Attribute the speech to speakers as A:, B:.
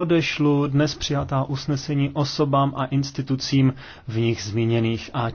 A: odešlu dnes přijatá usnesení osobám a institucím v nich zmíněných a